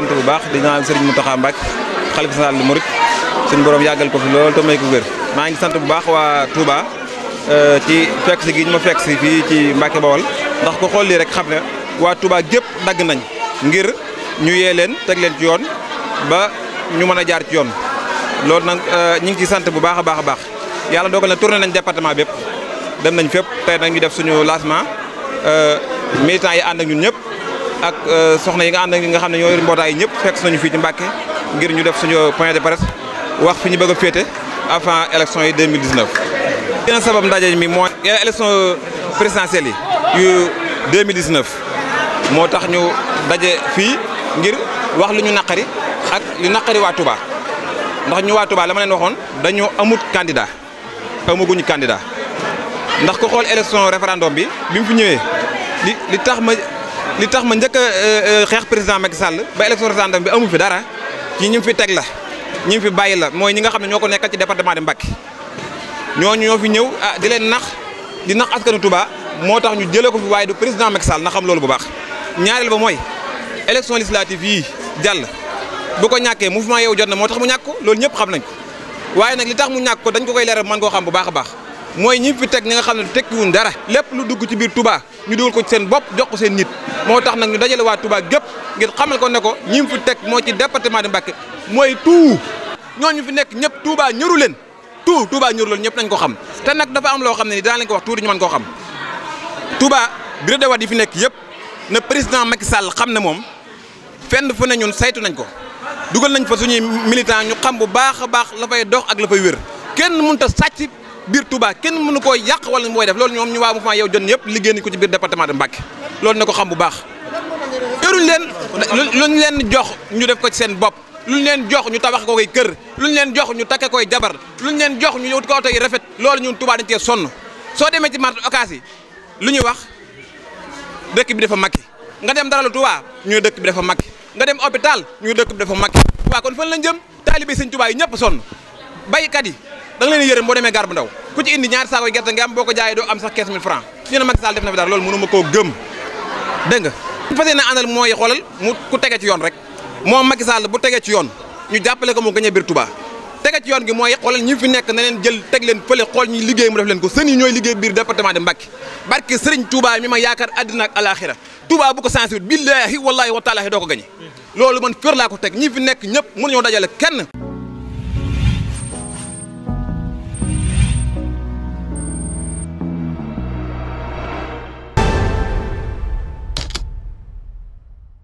sant bu baax di ñaan Serigne moutakha mbak khalifa sall des mourides suñu borom yagal ko fi lol to may ko wër ma ngi sant bu baax wa Touba euh, ci fex gi ñu ma fekk si ci Mbacké Bawol ndax ko xol li rek xamna wa Touba gep dag nañ ngir ñu yee tek leen ci yoon ba ñu mëna jaar ci yoon lol nak euh, ñing ci sant bu baaxa baaxa baax yalla dogal na tourner nañ département bëpp dem nañ fépp tay nak ñu def suñu lancement euh, militants yi and ak ñun ñëpp. ak euh, soxna yi nga ànd xam ne ñooy mbootaay ñëpp fekk nañu fii ci ngir ñu def suñu point de presse wax fi ñu bëgg a féete avant élection yi 2019. dina sabab ndaje mi moo mooy élection présidentielle yi yu 2019 moo tax ñu daje fii ngir wax lu ñu naqari ak li naqari waa Touba ndax ñu waa Touba la leen waxoon dañu amut candidat amaguñu kandida ndax ko xool élection référendum bi bi mu fi ñëwee li tax ma. li tax ma njëkk a euh, euh, xeex président Macky Sall ba élection référendum bi amu fi dara ci ñi fi teg la ñi fi bàyyi la mooy ñi nga xam ne ñoo ko nekkal ci département de Mbacké ñooñu ñoo fi ñëw ah di leen nax di nax askanu tubaa moo tax ñu jëlee ko fi waaye du président Macky Sall na xam loolu bu baax ñaareel ba mooy élection législative yii jàll bu ko ñàkkee mouvement yow jot na moo tax mu ñàkk ko loolu ñëpp xam nañ ko waaye nag li tax mu ñàkk ko dañ ko koy leeral mën koo xam bu baax a baax mooy ñi fi teg ñi nga xam ne teg tekkiwuñ dara lépp lu dugg ci biir Touba ñu dugal ko ci seen bopp jox ko seen nit moo tax nag ñu dajale waa Touba gépp ngir xamal ko ne ko ñi fi teg moo ci département de Mbacké mooy tout ñu fi nekk ñëpp Touba ñëru leen tout Touba ñëru leen ñëpp nañ ko xam te nag dafa am loo xam ne ni daan lañ ko wax tuuti ñu mën ko xam Touba bureau de vote yi fi nekk yëpp ne président Macky sàll xam ne moom fenn fu ne ñun saytu nañ ko dugal nañ fa suñuy militant ñu xam bu baax a baax la fay dox ak la fay wér kenn mënut a biir Touba kenn mënu koo yàq wala mooy def loolu ñoom ñu waa mouvement yow jot ñëpp liggéey nañ ko ci biir département de Mbacké loolu na ko xam bu baax yoruñ leen luñ leen jox ñu def ko ci seen bopp luñ leen jox ñu tabax ko koy kër luñ leen jox ñu takke koy jabar lu ñu leen jox ñu wut ko oto yi rafet loolu ñun Touba dañ cee sonn soo demee ci marché Ocass lu ñuy wax dëkk bi dafa makki nga dem daralu Touba ñuy dëkk bi dafa makki nga dem hôpital ñuy dëkk bi dafa makki kon fan lañ jëm taalibe Sëñ Touba yi ñëpp sonn baykat yi da leen yërëm boo demee gar bu ndaw ku ci indi ñaari saako gerte nga am boo ko jaayee doo am sax 15000 francs ñu ne Macky def na fi dara loolu mënu ma koo gëm dégg nga fas yéene àndal mooy xoolal mu ku tege ci yoon rek moom Macky Sall bu tege ci yoon ñu jàppale ko mu gagné biir Touba tege ci yoon gi moo xoolal ñi fi nekk na leen jël teg leen fële xool ñi liggéey mu def leen ko sën yi ñooy liggéey biir département de Mbacké barke Serigne Touba mi ma yaakaar àddina ak alaxira Touba bu ko sensibiliser billaahi wallaahi wa taalaahi doo ko gagné loolu man fër laa ko teg